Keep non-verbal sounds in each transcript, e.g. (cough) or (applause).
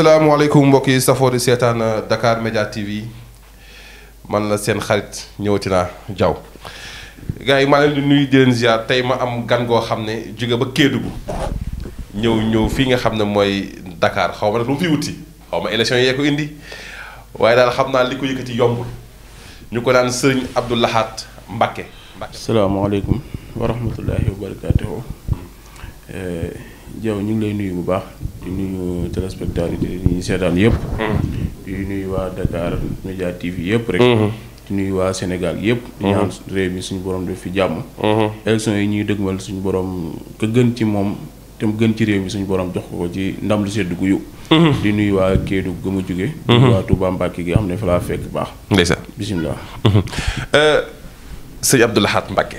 salaamaaleykum mbokk yi safoo di seetaan euh, dakaar Media TV man la seen xarit ñëwati naa Diaw gars yi maa leen di nuyu di tey ma am gan goo xam ne jóge ba Kédougou ñëw ñëw fii nga xam ne mooy Dakar xaw ma nag lu mu fi wuti xaw ma élection yee ko indi waaye daal xam naa li ko yëkkati yombul ñu ko naan sëriñ Abdou Lahat Mbacké. Mbacké salaamaaleykum wa wa barakaatuhu. Mm. Eh, Diaw ñu ngi lay nuyu bu baax di nuyu téléspectateurs yi ñu seetaan yëpp. Mm-hmm. di nuyu waa Dakar Media TV yëpp rek. Mm-hmm. di nuyu waa Sénégal yëpp. di mm-hmm. ñaan réew mi suñu borom def fi jàmm. élection yi ñuy dëgmal suñu borom ka gën ci moom te gën ci réew mi suñu borom jox ko ci ndam lu sedd guyu di nuyu waa Kédougou ga mu jóge. di nuyu waa Touba Mbacké gi xam ne fa laa fekk baax. ndeysaan bisimilah. Euh, sëñ Abdou Lahad Mbacké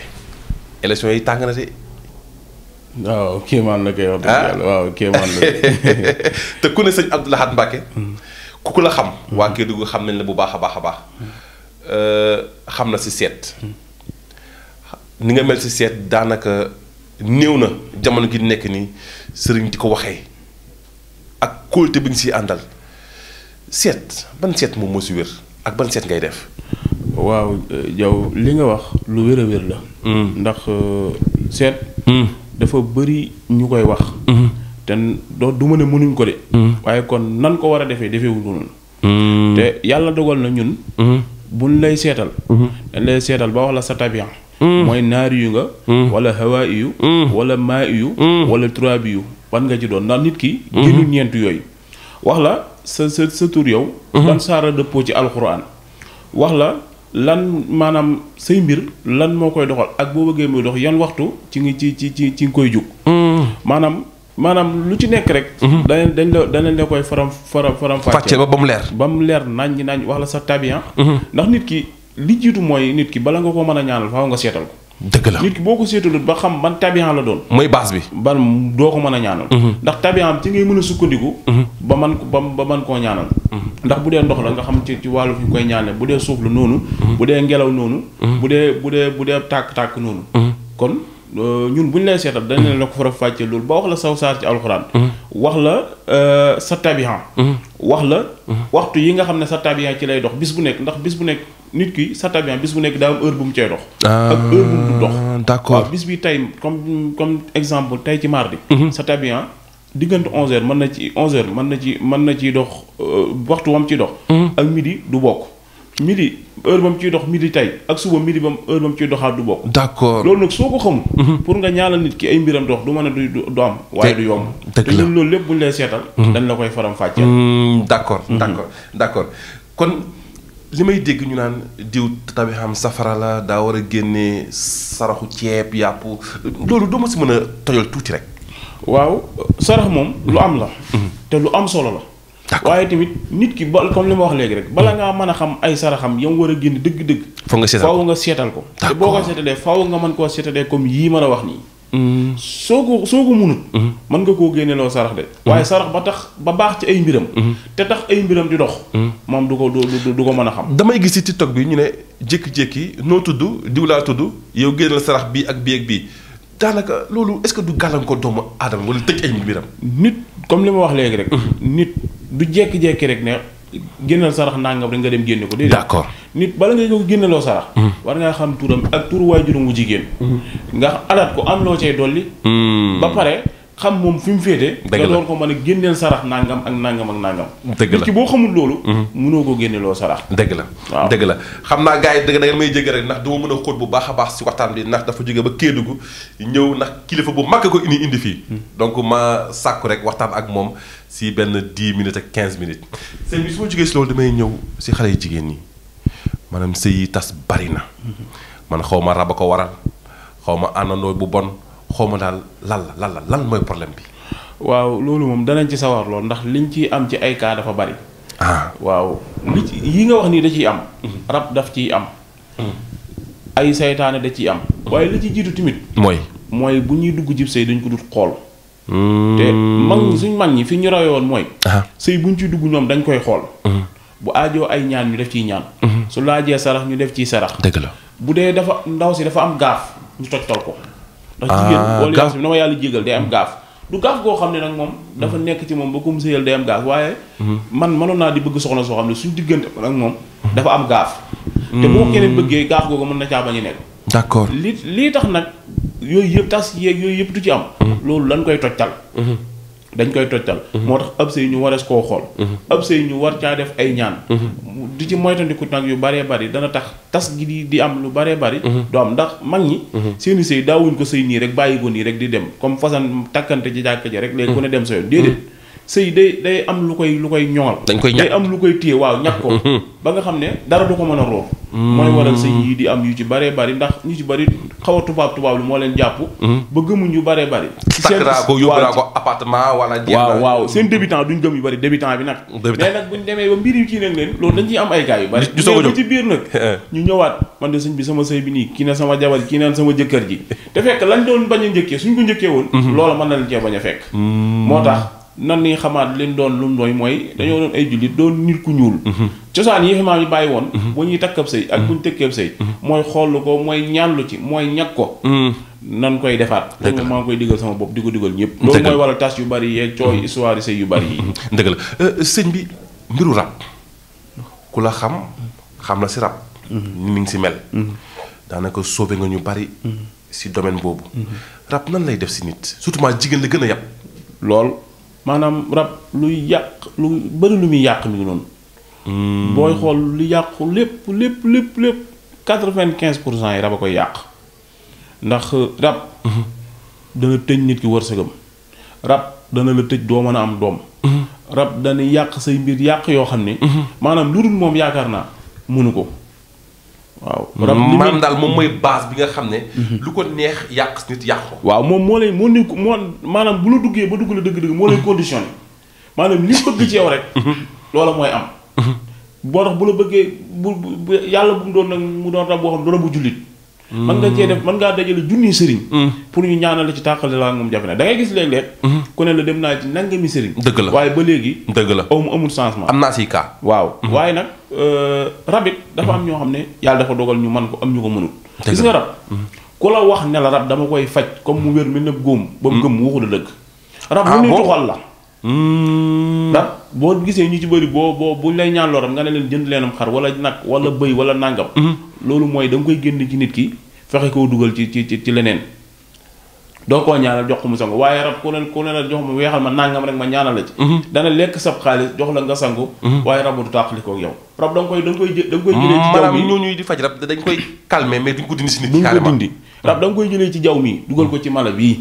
élection yi tàng na de. waaw kéemaan la koy wax. Ah. waaw kéemaan la. (laughs) te ku ne sëñ Abdou Lahad Mbacké. ku ku la xam. waa mm-hmm. Kédougou xam nañ la bu baax a baax a baax. Euh, xam na si seet. Mm-hmm. ni nga mel si seet daanaka néew na jamono gi nekk nii sëriñ di ko waxee ak kóolte bi nga siy àndal seet ban seet moom moo si wér ak ban seet ngay def. waaw Diaw euh, li nga wax lu wér a wér la. Mm. ndax euh, seet. Mm. dafa bëri ñu koy wax. Mm-hmm. te doo du ma ne mënuñ ko de. Mm-hmm. waaye kon nan ko war a defee defeewul noonu. Mm-hmm. te yàlla dogal na ñun. buñ lay seetal. dañ lay seetal ba wax la sa tabian. mooy naari yu nga. wala hawaa yu. wala maa yu. wala turaabi yu ban nga ci doon ndax nit ki. génnul ñeent yooyu. wax la sa sa tur yow. ban saara dëppoo ci alxuraan wax la. lan maanaam say mbir lan moo koy doxal ak boo bëggee muy dox yan waxtu ci ngi ci ci ci ci koy jug. Hmm. maanaam maanaam lu ci nekk rek. Hmm. dañ dañ la dañ la koy faram faram faram. fàcce ba ba mu leer. ba mu leer nañ nañ wax la sa tabian. Hmm. ndax nit ki li jiitu mooy nit ki bala nga ko mën a ñaanal fa nga seetal ko. dëgg la nit ki boo ko seetalut ba xam ban tabian la doon. mooy base bi. ban doo ko mën a ñaanal. Mhm. ndax tabian ci ngay mën a sukkandiku. Mhm. ba man ba ba man koo ñaanal. Mhm. ndax bu dee ndox la nga xam ci ci wàllu fi ñu koy ñaanal bu dee suuf la noonu. bu dee ngelaw noonu. bu dee bu dee bu dee tàkk-tàkk noonu. kon Euh, ñun bu ñu lay seetal dañ leen la ko faram fàccee loolu ba wax la saw saar ci alxuraan. Mm-hmm. wax la euh, sa tabihan. Mm-hmm. wax la. Mm-hmm. waxtu yi nga xam ne sa tabihan ci lay dox bis bu nekk ndax bis bu nekk nit ki sa tabihan bis bu nekk daa am heure bu mu cay dox. Ah, ak heure bu mu dox. d'accord bis bi tey comme comme exemple tey ci mardi. sa tabihan diggante 11h mën na ci 11h man na ci mën na ciy dox euh, waxtu wam ci dox. ak midi du bokk. midi heure ba mu ciy dox midi tey ak suba midi ba heure mu ciy doxaat du bokk. d' accord loolu nag soo ko xamul. Mhm. pour nga ñaanal nit ki ay mbiram dox du mën a du du am. waaye du yomb. dëgg la loolu lépp buñ lay seetal. Mhm. dañ la koy faram fàcceel. Mm, d' mhm. accord d' accord d' accord kon li may dégg ñu naan diw tabi xam safara la daa war a génnee saraxu ceeb yàpp loolu doo ma si mën a tojal tuuti rek. waaw sarax moom lu am la. te lu am solo la. waaye tamit nit ki ba comme li ma wax léegi rek bala ngaa mën a xam ay saraxam yam war a génn dëgg-dëgg faaw nga seetal ko te boo ko seetalee faaw nga mën koo seetalee comme yii mën a wax nii hmm. soo ko soo ko munut hmm. mën nga koo génneloo sarax de hmm. waaye sarax ba tax ba baax ci ay mbiram te tax ay mbiram di dox moom du ko du du ko mën a xam damay gis ci TikTok bi ñu ne jékki-jékki noo tudd diw laa tudd yow génnal sarax bii ak bii ak bii daanaka loolu est-ce que du gàllankoor doomu aadama wala tëj ay mbiram. nit comme li ma wax léegi rek. Mm-hmm. nit du jékki-jékki rek ne génnal sarax nangam rek nga dem génne ko. d'accord nit bala nga ko génneloo sarax. Mm-hmm. war ngaa xam turam ak turu waajuram wu jigéen. Mm-hmm. nga alaat ko am loo cay dolli. ba pare. xam moom fi mu féete nga door ko mën a génneel sarax nangam ak nangam ak nangam dëgg la nit ki boo xamul loolu mhm. mënoo ko génneeloo sarax dëgg la waaw dëgg la xam naa gars yi dëgg da may jégg rek ndax duma mën a xóot bu baax a baax si waxtaan bi ndax dafa jóge ba Kédougou ñëw ndax kilifa bu mag ko indi indi fii hmm. donc ma sàkku rek waxtaan ak moom si benn 10 minutes ak 15 minutes seen bi su jógee si loolu damay ñëw si xale yi jigéen ñi maanaam sëy yi tas bari na hmm. man xaw ma rab a ko waral xaw ma bu bon xaw ma daal lan la lan la mooy problème bi. waaw loolu moom danañ ci sawar lool ndax liñ ciy am ci ay kaa dafa bari. ah waaw li yi nga wax nii da ciy am. Mm-hmm. rab daf ciy am. Mm-hmm. ay seytaane da ciy am. Mm-hmm. waaye li ci jiitu tamit. mooy mooy bu ñuy dugg jib sëy dañ ko dut xool. te mag suñ mag ñi fi ñu rawee woon mooy. sëy buñ ciy dugg ñoom dañ koy xool. bu ajoo ay ñaan ñu def ciy ñaan. su laajee sarax ñu def ciy sarax. dëgg la bu dee dafa ndaw si dafa am gaaf ñu toj ndax jigéen boolu yaas bi na ma yàlla jégal day am gaaf du gaaf goo xam ne nag moom dafa hmm. nekk ci moom ba ko mu sëyal day am gaaf waaye hmm. man mënoon naa di bëgg soxna soo xam ne suñu diggante nag moom hmm. dafa am gaaf te boo keneen bëggee gaaf googu mën na caa bañ a nekk d'accord li lii tax nag yooyu yëpp tas yeeg yooyu yëpp du ci am loolu lañ koy tojtal dañ koy tojtal mhm. moo tax ab sëy ñu warees koo xool mhm. ab sëy ñu war caa def ay ñaan mhm. di ci moytandiku nag yu bëree bëri dana tax tas gi di am lu bëree bëri doom ndax mag ñi seeni sëy daawuñ ko sëy nii rek bàyyi ko nii rek di dem comme façon takkante ci jàkk ji rek léegi ku ne dem sa yoon déedéet sëy day day am lu koy lu koy ñoŋal. dañ koy ñàkk am lu koy téye waaw ñàkk ko. (laughs) ba nga xam ne dara du ko mën a roor. mooy mm. waral sëy yi di am yu ci baree bari ndax ñu ci bari xaw a tubaab tubaab lu moo leen jàpp. Mm. ba gëmuñ yu baree bari. ci seen ko yóbbu ko appartement wala. waaw waaw seen débutant duñ gëm yu bari débutant bi nag. débutant mais nag buñ demee ba mbir yu kii nag leen loolu dañ ciy am ay gars yu bari. ñu soog ci biir nag. (laughs) ñu ñëwaat man de sëñ bi sama sëy bi nii kii na sama jabar kii naan sama jëkkër ji te fekk lañ doon bañ a njëkkee suñ ko njëkkee woon. Mm-hmm. loola man na leen cee bañ a fekk. Mm. moo tax nan ni xamaat liñ doon lu mooy mooy dañoo doon ay jullit doon nit ku ñuul mhm. cosaan yi fi maam yi bàyyi woon mhm. bu ñuy takkab sëy ak bu ñu mhm. tëkkeeb sëy mooy xool ko mooy ñàllu ci mooy ñag ko nan koy defaat te maa ngi koy digal sama di ko digal ñëpp loolu mooy waral tas yu bari yeeg cooy histoire yu bari yi dëgg la euh, sëñ bi mbiru rab ku la xam xam la si rab ni mi ngi si mel daanaka sauvé nga ñu bari si domaine boobu rab nan lay def si nit surtout maa jigéen la gën a yàpp lool maanaam rab luy yàq lu bëri lu muy yàq mi ngi noonu. Hmm. booy xool lu yàqu lépp lépp lépp lépp quatre-vingt-quinze pour cent yi rab a koy yàq ndax rab. Mhm. dana tëj nit ki wërsëgam rab dana la tëj doo mën a am doom. Mhm. rab dana yàq say mbir yàq yoo xam ne. Mhm. maanaam lu dul moom yaakaar naa mënu ko. waaw maanaam daal moom mooy base bi nga xam ne. Mhm. lu ko neex yàq nit yàq waaw moom moo lay moo ni moo maanaam bu la duggee ba dugg la dëgg-dëgg moo lay mhm. conditionné maanaam li bëgg ci yow rek. Mhm. loola mooy am. boo tax bu la bëggee bu yàlla bu mu doon nag mu doon rab boo xam ne du jullit. man nga cee hmm. def mën ngaa dajale junni sëriñ hmm. pour ñu ñaana la ci tàqale laa moom jafe na da ngay gis léeg-léeg hmm. ku ne la dem naa ci nangami sëriñ dëgg la waaye ba léegi dëgg la amu amul changement am naa si cas waaw waaye nag euh, rabit dafa am ñoo xam ne yàlla dafa dogal ñu man ko am ñu ko mënul gis nga rab ku wax ne la dama koy faj comme mu wér mi nëb góom ba mu gëm waxu la dëgg rab mu nuy ah, tuxal la Hmm. ndax boo gisee ñu ci bari boo boo buñ lay ñaan looram nga ne jënd leenam xar wala nag wala hmm. bëy wala nàngam hmm. loolu mooy da koy génn ci nit ki fexe koo dugal ci ci ci leneen doo koo ñaanal jox mu sangu waaye rab ku ne ku ne la jox ma nangam rek ma ñaanal la ci dana lekk sab xaalis jox la nga sangu waaye rabu du tàqalikoo yow rab da koy da da nga koy jëlee ci maanaam ñooñuy di faj rab dañ koy calmer mais si nit duñ ko dindi da nga koy ci jaww mi dugal ko ci mala bii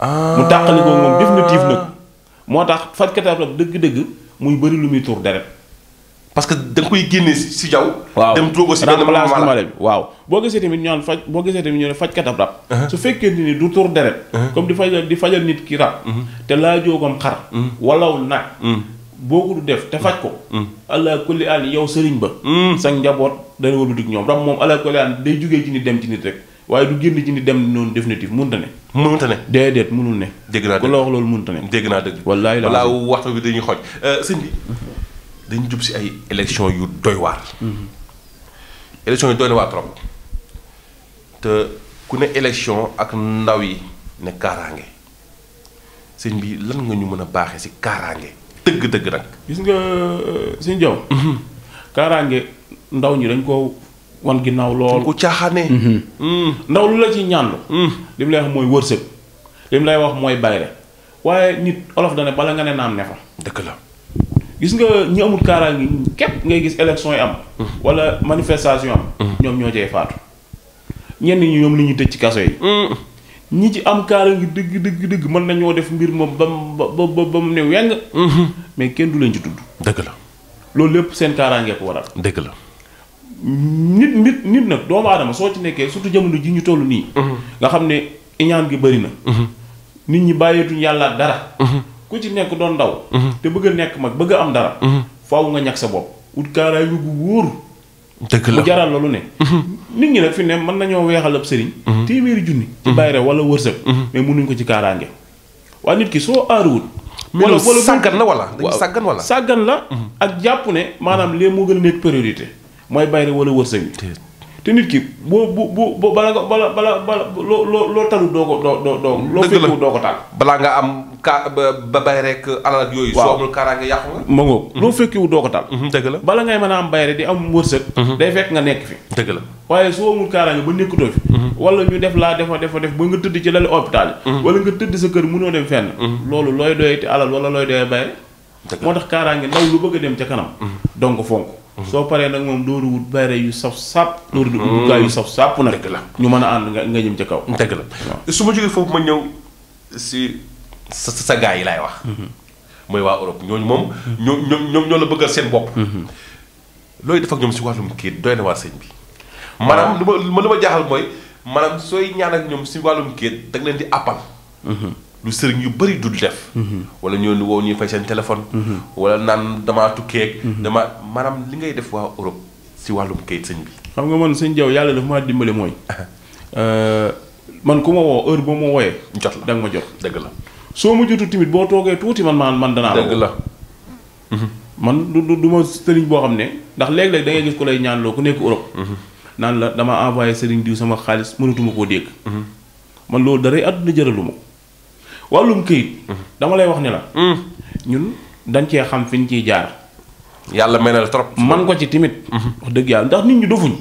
ah. mu tàqalikoo moom définitif nag moo tax fajkatu rab dëgg-dëgg muy bëri lu muy tuur deret parce que da nga koy génne si jaw waaw dem tuuboo si benn place bi waaw boo gisee tamit ñu naan boo gisee tamit ñu ne fajkatab rab uh-huh. su fekkee ni du tur deret uh-huh. comme di fajal di fajal nit ki rab uh-huh. te laa joogam xar walaw nag boo ko du def te faj ko allah kulli an yow sëriñ ba sa njaboot dana wëlbatik ñoom rab moom allah kulli an day jógee ci nit dem ci nit rek waaye du génn ci ni dem noonu définitif mënta ne. mënta ne déedéet mënul ne. dégg naa dëgg loolu mënta ne. dégg naa dëgg wallaay la balaa waxtu bi dañuy xooj euh, sëñ bi dañu jub si ay élection yu doy waar. Mm-hmm. élection yu doy na waar trop te ku ne élection ak ndaw yi ne kaaraange sëñ bi lan nga ñu mën a baaxee si kaaraange dëgg-dëgg nag. gis nga euh, sëñ Diaw. Mm-hmm. kaaraange ndaw ñi dañ ko wan ginnaaw lool ku caaxaane mhm. mm. ndaw lu la ci ñàndu mm. li mu lay wax mooy wërsëg li mu lay wax mooy bayre waaye nit olof ne bala nga ne naam ne fa dëkk la gis nga ñi amul kaaraange képp ngay gis élection yi am mm. wala manifestation am ñoom ñoo cay faatu ñenn ñi ñoom li ñuy tëj ci kaso yi ñi ci am kaaraange dëgg dëgg dëgg mën ñoo def mbir moom ba mu ba ba mu ne weng mm-hmm. mais kenn du leen ci tudd dëgg la loolu lépp seen kaaraange ko waral dëgg la nit nit nit nag doomu aadama soo ci nekkee surtout jamono ji ñu toll nii. Mhm. nga xam ne iñaan gi bëri na. Mhm. nit ñi bàyyeetuñ yàlla dara. Mhm. ku ci nekk doon ndaw. te bëgg a nekk mag bëgg a am dara. faaw nga ñàkk sa bopp ut kaaraay gu wóor. dëgg la mu jaral la lu ne. nit ñi nag fi ne mën nañoo weexal ab sëriñ. téeméeri junni. ci bayre wala wërsëg. mais mënuñ ko ci kaaraange. waa nit ki soo aaruwul. wala wala sàggan la wala. sàggan wala sàggan la. ak jàpp ne maanaam lee moo gën a mooy bayre wala wërsëg bi te nit ki boo bu bu bala nga bala bala bala loo loo loo talu doo ko doo doo doo loo fekku doo ko taal balaa nga am ka ba bay rek alal ak yooyu soo amul kaaraange yàqu ma ngoog mhm. loo fekkiwu doo ko taal mhm, dëgg la bala ngay mën a am bayre di am wërsëg mhm. day fekk nga nekk fi dëgg la waaye soo amul kaaraange ba nekkatoo fi wala ñu def laa defa defa def ba nga tëdd ci lali hôpital yi wala nga tëdd sa kër mënoo dem fenn loolu looy doyati alal wala looy doyee bayre moo tax kaaraange ndaw lu bëgg a dem ca kanam donc fonk soo paree nag moom dooru wut bayre yu saf sàpp dooru wut mhm. gaay yu saf sàpp nag dëgg la ñu mën a ànd nga nga jëm ca kaw dëgg la su ma jógee foofu ma ñëw si sa sa gaay yi laay wax mhm. mooy waa Europe ñooñu moom mhm. ñoo ñoom ñoo la bëggal seen bopp looy def ak ñoom si wàllum kayit doy na waa sëñ bi maanaam lu ma lu ma jaaxal mooy maanaam sooy ñaan ak ñoom si wàllum kayit da nga leen di àppal lu sëriñ yu bëri du def. wala ñoo ni woo ñuy fay seen téléphone. wala naan damaa tukkee. dama maanaam li ngay def waa Europe si wàllum kayit sëñ xam nga man sëñ Diaw yàlla dafa maa dimbale mooy. (laughs) man ku ma woo heure boo ma wooyee. jot la da jot dëgg la. soo ma jotu tamit boo toogee tuuti man man man danaa. la man du du ma sëriñ boo xam ne ndax léeg da ngay gis ku lay ñaanloo ku nekk Europe. naan la dama envoyé sëriñ sama xaalis mënatuma koo dégg. Mhm. man loolu daray àdduna jëralu ma. wàllum këyit. Mhm. dama lay wax ni la. Mhm. ñun dañ cee xam fi ñu ciy jaar. yàlla mel na trop. man ko ci timit mhm. wax dëgg yàlla ndax nit ñi dofuñ.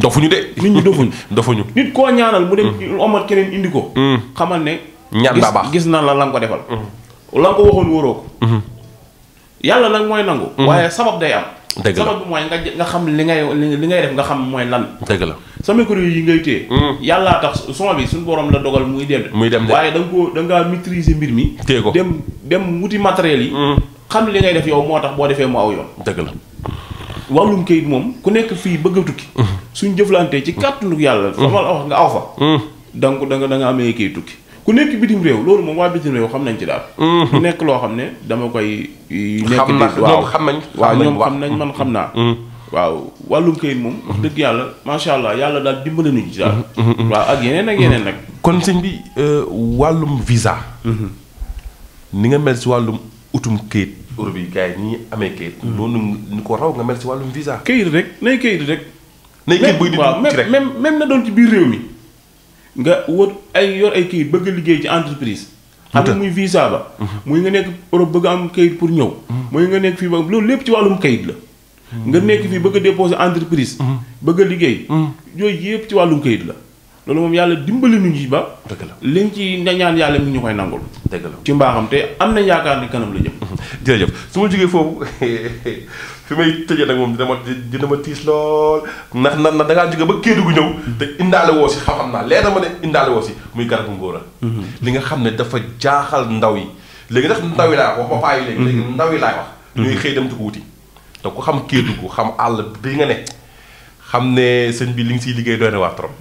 dofuñu de. nit ñi dofuñ. (laughs) dofuñu nit koo ñaanal mu dem omat keneen indi ko. xamal ne. ñaan baa baax gis gis na la la ko defal. la ko waxoon wóoroo ko. yàlla nag mooy nangu. Mhm. waaye sabab day am. dëgg la sabab bi mooy nga nga xam li ngay li ngay def nga xam mooy lan. dëgg la sa micro yi ngay téye. Mhm. yàllaa tax son bi suñu borom la dogal muy dem. muy dem de waaye da nga koo da ngaa maîtriser mbir mi. téye ko dem dem wuti matériel yi. Mhm. xam li ngay def yow moo tax boo defee mu aw yoon. dëgg la wàllum kayit moom ku nekk fii bëgg tukki. suñ jëflante ci kàttanu yàlla. fa ma la nga aw fa. donc da nga da nga amee kayit tukki. ku nekk bitim réew loolu moom waa bitim réew xam nañ ci daal. Mm-hmm. nekk loo xam ne dama koy. nekk di waaw xam nañ waaw ñoom xam nañ man xam naa. Mm-hmm. waaw wàllum kayit moom. dëgg yàlla macha allah yàlla daal dimbale nañu ci daal. Mm-hmm. waaw ak yeneen ak yeneen nag. kon sëñ bi euh, wàllum visa. ni nga mel si wàllum utum kayit. Europe yi gars yi ñi amee kayit. noonu ñu ko raw nga mel si wàllum visa. kayit rek nay kayit rek. nay kayit buy dindi rek même même na doon ci biir réew mi. nga wut ay yor ay kayit bëgg liggéey ci entreprise. xam nga muy visa ba. Mhm. muy nga nekk Europe bëgg am kayit pour ñëw. Mhm. muy nga nekk fii ba loolu lépp ci wàllum kayit la. Mhm. nga nekk fii bëgg a déposer entreprise. bëgg a liggéey. yooyu yëpp ci wàllum kayit la. loolu moom yàlla dimbali ñu ngi ba. dëgg la liñ ci ñaan yàlla mu ñu koy nangul. dëgg ci mbaaxam te am na yaakaar ni kanam la jëm. (laughs) jërëjëf su ma jógee foofu. (laughs) fi may tëjee nag moom dina ma tiis lool ndax nan na da jóge ba Kédougou ñëw te indaale woo si xam-xam naa leer na ma ne si muy garabu ngóora mhm. li nga xam ne dafa jaaxal ndaw yi léegi ndax mhm. ndaw yi laay wax ba paa léegi léegi ndaw yi laay wax ñuy xëy dem di ko wuti te ku xam Kédougou xam àll bi nga ne xam ne sëñ bi li nga siy liggéey doy na waa trop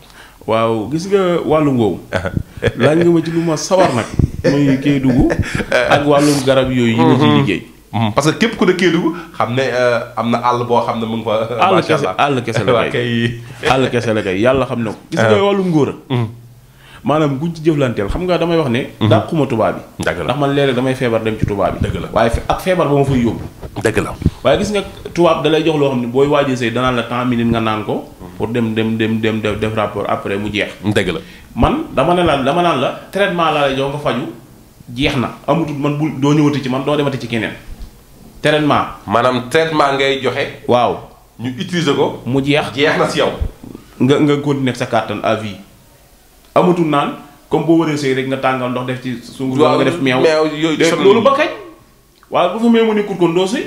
waaw gis nga wàllu ngoow (laughs) laaj nga ma ci lu ma sawar nag muy Kédougou ak wàllum garab yooyu yi nga ciy mhm. liggéey Mhm. parce que képp ku ne Kédougou xam ne euh, am na àll boo xam ne mu ngi fa. macha allah àll kese la (laughs) kay àll kese la kay yàlla xam ne ko. gis nga ah. wàllum ngóor mhm. maanaam buñ ci jëflanteel xam nga damay wax ne. Mhm. dàquma tubaab bi. dëgg la ndax man léeg damay feebar dem ci tubaab bi. dëgg la waaye ak feebar ba ma fay yóbbu. dëgg la waaye gis nga tubaab dalay jox loo xam ne booy waajee sëy danaan la temps minute nga naan ko. pour dem dem dem dem def rapport après mu jeex. dëgg la man dama ne la dama naan la traitement laa lay jox nga faju jeex na amatul man bul doo ñëwati ci man doo demati ci keneen traitement. maanaam traitement ngay joxe. waaw ñu utiliser ko. mu jeex jeex na si yow. nga nga continuer sa kàttan à vie. amatul naan comme boo waree sëy rek nga tàngal ndox def ci sungur waaw nga def meew. yooyu loolu ba kañ. waaw bu fa meew mu nekkul kon doo sëy.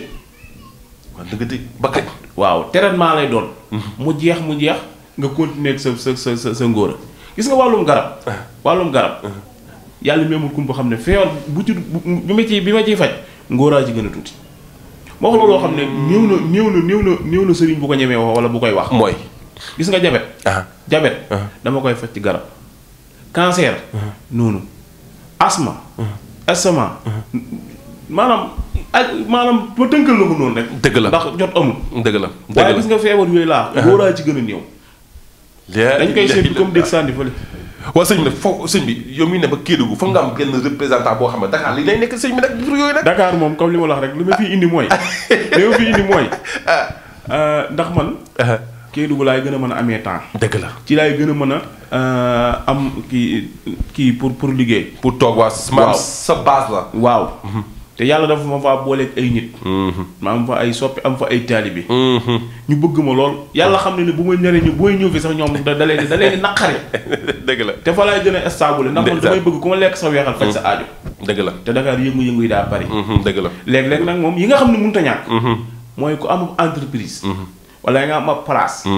waaw ba kañ. waaw traitement lay doon. Mhm. mu jeex mu jeex nga continuer sa sa sa sa sa ngóora gis nga wàllum garab. Ah. wàllum garab. Mhm. yàlla meemul kumpa xam ne feebar bu ci bi ma ciy bi ma ciy faj ngóoraa ci gën a tuuti. ma wax la loo xam ne néew na néew na néew na sëriñ bu ko ñemee wax wala bu koy wax. mooy gis nga jabet. Ah. jabet ah. dama koy faj ci garab. cancer. Ah. noonu asma. asma. maanaam ak maanaam ma tënkal la ko noonu rek. dëgg la ndax jot amul. dëgg la dëgg la waaye gis nga feebar yooyu laa. wóoraa ci gën a néew. dañ koy seetlu comme dégg sànni fële. waaw sëñ bi nag foofu sëñ bi yow mii ne ba Kédougou foog nga am genn représentant boo xam ne Dakar lii lay nekk sëñ bi nag jur yooyu nag. Dakar moom comme li ma la wax lu ma fi indi mooy. (laughs) Euh, ndax man. Uh-huh. Kédougou laay gën a mën a amee temps. dëgg la ci laay gën a mën a euh, am kii kii pour pour liggéey. pour toog waa. waaw sa base la waaw. Mm-hmm. te yàlla dafa ma faa booleeg ay nit. Mm-hmm. ma am fa ay soppi am fa ay taalibe. Mm-hmm. ñu bëgg ma lool yàlla xam ne ne bu may ñoree ñu booy ñëw fi sax ñoom da da leen da leen naqare. (laughs) dëgg la te fa laay gën a stable ndax man damay bëgg ku ma lekk sa weexal faj sa mm-hmm. aajo. dëgg la te Dakar yëngu-yëngu yi daa bari. dëgg la léeg-léeg nag moom yi nga xam ne mënut a ñàkk. mooy ku am entreprise. wala nga am place.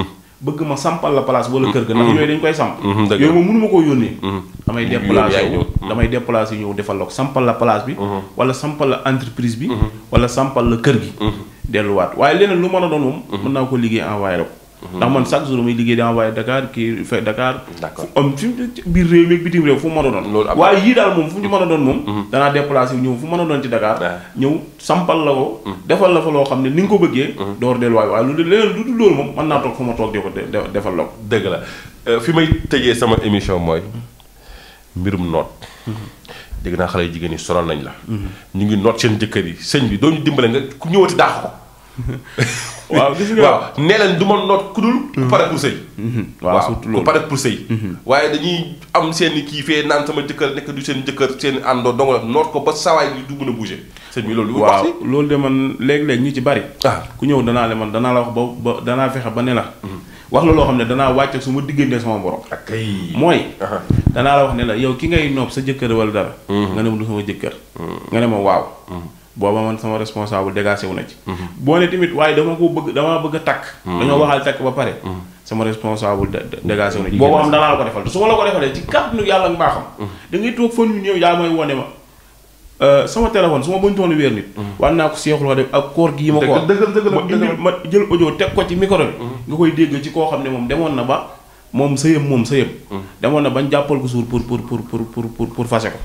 bëgg ma sampal la place wala kër ga ndax mm-hmm. yooyu dañ koy samp mm-hmm. yooyu moom mënu ma koo yónnee mm-hmm. damay déplacé wu damay déplacé ñëw defal la sampal la place bi wala sampal la entreprise bi wala sampal la kër gi delluwaat waaye leneen lu mën a doon moom mën naa ko liggéey envoyé ko ndax man chaque jour muy liggéey di envoyé Dakar kii fait Dakar. fu am fi biir réew mi bitim réew fu mu mën a doon. loolu am waaye yii daal moom fu ñu mën a doon moom. Mhm. danaa déplacé wu ñëw fu mën a doon ci Dakar. ñëw sampal la ko. Mhm. defal la loo xam ne ni nga ko bëggee. Mhm. door delluwaay waaye lu moom mën naa toog fu ma ko defal la ko. la euh, fi may tëjee sama émission mooy mbirum noot. dégg naa xale yu jigéen ñi sonal nañ la. ñu ngi noot seen jëkkër yi sëñ bi doo ñu dimbale nga ku ñëwati daax ko (laughs) waaw gis nga waaw du ma noot ku dul. ku mhm. pare pour sëy. Mhm. waaw surtout loolu ku pare pour sëy. Mhm. waaye dañuy am seen i kii fee naan sama jëkkër nekk du seen jëkkër seen i àndoo doo la noot ko ba sawaay bi du mën a bouger. sëñ bi loolu. waaw loolu de man léeg-léeg ñu ci bari. Ah. ku ñëw danaa le danaa la wax ba ba danaa fexe ba ne la. wax la loo xam ne danaa wàcc su ma diggante sama borom. ak ah, mooy. danaa la wax ne la yow ki ngay noob sa jëkkër wala dara. nga ne ma du sama jëkkër. nga waaw. booba man sama responsable dégagé wu na ci. Mhm. boo ne tamit waaye dama ko bëgg damaa bëgg a takk. Mhm. dañoo waxaal takk ba pare. Mhm. sama responsable dégagé wu na ci. booba am danaa la ko defal te su ma la ko defalee ci kàttanu yàlla ak mbaaxam. da ngay toog fan yu néew yaa may wone ma. Euh, ma bañ toon weer nit war naa ko seexul wax def ak koor gi yi ma ko jël audio teg ko ci micro bi koy dégg ci koo xam ne moom demoon na ba moom sëyam moom sëyam demoon na bañ jàppal ko suur pour pour pour pour pour pour fase ko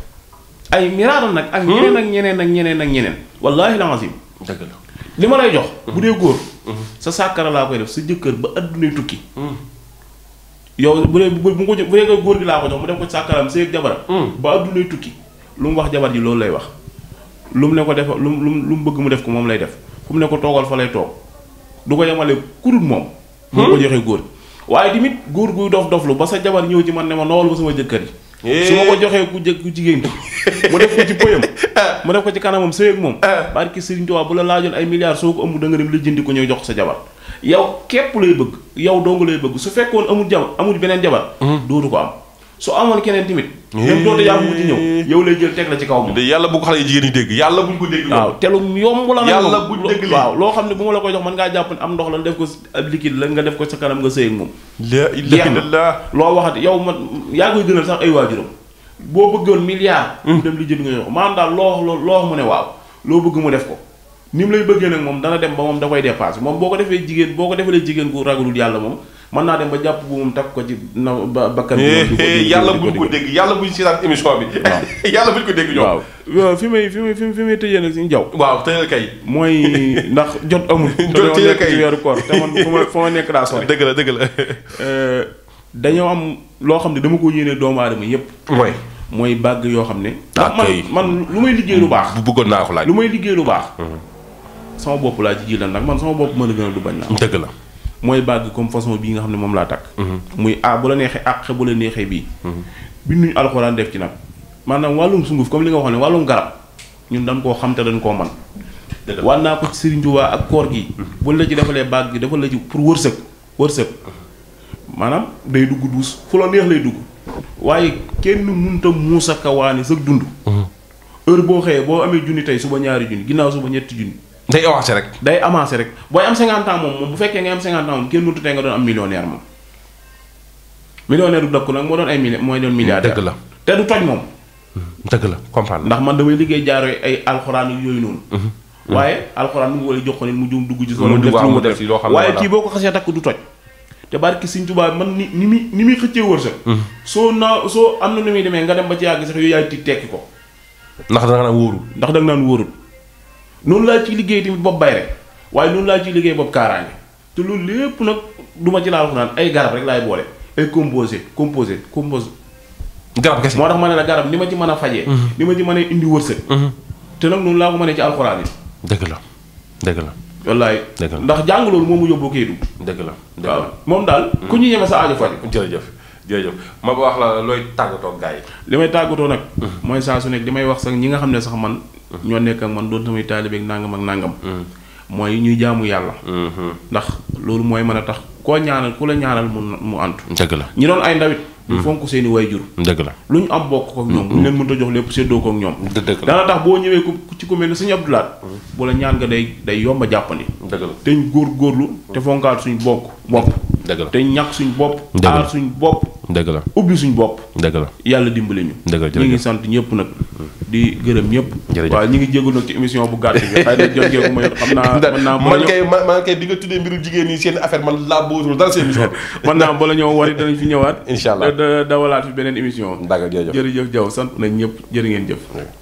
ay miraaral nag. ak ñeneen ak hmm? ñeneen ak ñeneen ak ñeneen. wallaahi la azim. dëgg la li ma lay jox. bu dee góor. Hmm. Hmm. sa sàkkara laa koy def sa jëkkër ba addunay tukki. yow bu dee bu bu dee góor gi laa mu def ko sàkkaraam sëy ak jabaram. ba addunay tukki lu mu wax jabar ji loolu lay wax. lu mu ne ko def lu mu lu mu bëgg mu def ko moom lay def fu mu ne ko toogal fa lay toog du ko yemale ku dul moom. bu ko joxee góor waaye tamit góor guy dof dof lu ba sa jabar ñëw ci man ne ma nool ba sama jëkkër yi. su ma ko joxee ku jë ku jigéen mu def ko ci poyam (laughs) mu def ko ci kanamam sëy moom ah. barki Serigne Touba bu la laajoon ay milliards soo ko ëmb da nga dem ko ñëw jox sa jabar yow képp lay bëgg yow dong lay bëgg su fekkoon amul jabar amul beneen jabar mm-hmm. dootu ko am su amoon keneen tamit. même doonte yaa ngi ñëw. yow lay jël teg la ci kaw moom. yàlla bu ko xale yi jigéen ñi dégg yàlla buñ ko dégg. waaw te lu yomb la. yàlla waaw loo xam ne bu ma la koy jox mën jàpp ne am ndox la def ko ab liquide nga def ko sa kanam nga sëy ak moom. la loo waxati yow man yaa koy gënal sax ay waajuram. boo bëggoon milliard. Hmm. dem li jënd nga ñëw maanaam daal loo loo loo mu ne waaw loo bëgg mu def ko. ni mu lay bëggee nag moom dana dem ba moom da koy dépassé moom boo ko defee jigéen boo ko defalee jigéen ku ragul yàlla moom mën naa dem ba jàpp bu moom takk ko ci na ba bakkan bi (laughs) yàlla buñ ko dégg yàlla buñ si daan émission bi yàlla buñ ko dégg ñoom waaw fi may fi may fi may tëjee nag suñu jaw waaw tëjal kay mooy (laughs) ndax jot amul jot tëjal kay weeru koor te man fu (laughs) eh, dañoo am loo xam ne dama koo yéene doomu aadama yépp mooy mooy bàgg yoo xam ne ndax ah, man man lu may liggéey lu baax bu bëggoon naa ko laaj lu may liggéey lu baax mm-hmm. sama bopp laa ci jiital nag man sama bopp mën a gën a du bañ naa dëgg la mooy bàgg comme façon bii nga xam ne moom laa takk. Mhm. muy ah bu la neexee àq bu la neexee bii. Mhm. binduñu alxuraan def ci nag maanaam wàllum sunguf comme li nga waxoon ne wàllum garab ñun dañ koo xam te dañ koo man wan naa ko ci Serigne Touba ak koor gi. Mhm. buñ la ci defalee bàgg gi defal la ci pour wërsëg wërsëg. maanaam day dugg duus fu la neex lay dugg. waaye kenn mënut a muusa kawaani sa dund. heure boo xëyee boo amee junni tey suba ñaari junni ginnaaw suba ñetti junni. day avancé rek. day avancé rek booy am 50 moom moom bu fekkee ngay am 50 ans moom kenn mënut tey nga doon am millionnaire moom. millionnaire bu dëkk nag moo doon ay mili mooy doon milliardaire. dëgg la te du toj moom. dëgg la comprendre ndax man damay liggéey jaaro ay alxuraan yooyu noonu. Mhm. Mhm. waaye alxuraan mu wala jox ko nit mu juum dugg ci. mu dugg waaw mu def xam ne waaye kii ko xasee takk du toj. te barki Sëriñ Tuubaa man ni ni muy ni muy xëccee wërsëg. Mhm. soo naa soo am na lu muy demee nga dem ba ci yàgg sax yooyu yaay ti tekki ko. ndax da nga naan ndax da nga wóorul. loolu laa ci liggéey tamit bopp bay rek waaye loolu laa ciy liggéey bopp kaaraange te loolu lépp nag duma ci laa laal naan ay garab rek laay boole ay composé composé composé. garab kese moo tax ma ne la garab ni ma ci mën a fajee. Mhm. ni ma ci mën a indi wërsëg. Mhm. te nag noonu laa ko mënee ci alxuraan yi. dëgg la dëgg la. wallaay dëgg la ndax jàng loolu moom mu yóbbu kii du. dëgg la dëgg waaw moom daal. Mhm. ku ñu yeme sa aajo faj. jërëjëf jërëjëf ma ba wax la looy tàggatoo ak gars li may tàggatoo nag. mooy saa li may wax sax ñi nga xam ne sax man ñoo nekk man doon samay taalibe ak nangam ak nangam. Mm. mooy ñuy jaamu yàlla. Mm-hmm. ndax loolu mooy mën a tax koo ñaanal ku la ñaanal mu mu antu. dëgg la ñi doon ay ndawit ñu mm-hmm. fonk seen i waajur. la lu ñu am bokk ko ak ñoom. ñu mm-hmm. leen mënta jox lépp séddoo ko ak ñoom. dëgg la dana tax boo ñëwee ku ci ku mel ne sëñ Abdou Lahad. bu la ñaan nga day day yomb a jàppandi. dëgg la te ñu góorgóorlu te fonkaat suñu bokk bopp. dëgg la te ñàkk suñ bopp. aar suñu bopp. dëgg la ubbi suñu bopp. dëgg la yàlla dimbali ñu. dëgg la jërëjëf ñu ngi sant ñëpp nag. di gërëm ñëpp. jërëjëf waaw ñu ngi jégalu nag ci émission bu gàtt bi xëy na jot jéegu ma yor xam naa. mën naa man kay man kay di tuddee mbiru jigéen ñi seen affaire man laa bëggoon dara seen émission bi. (laughs) mën naa bala ñëw wari danañ fi ñëwaat. incha allah da dawalaat fi beneen émission. d'accord jërëjëf jërëjëf Diaw sant nañ ñëpp jërë ngeen jëf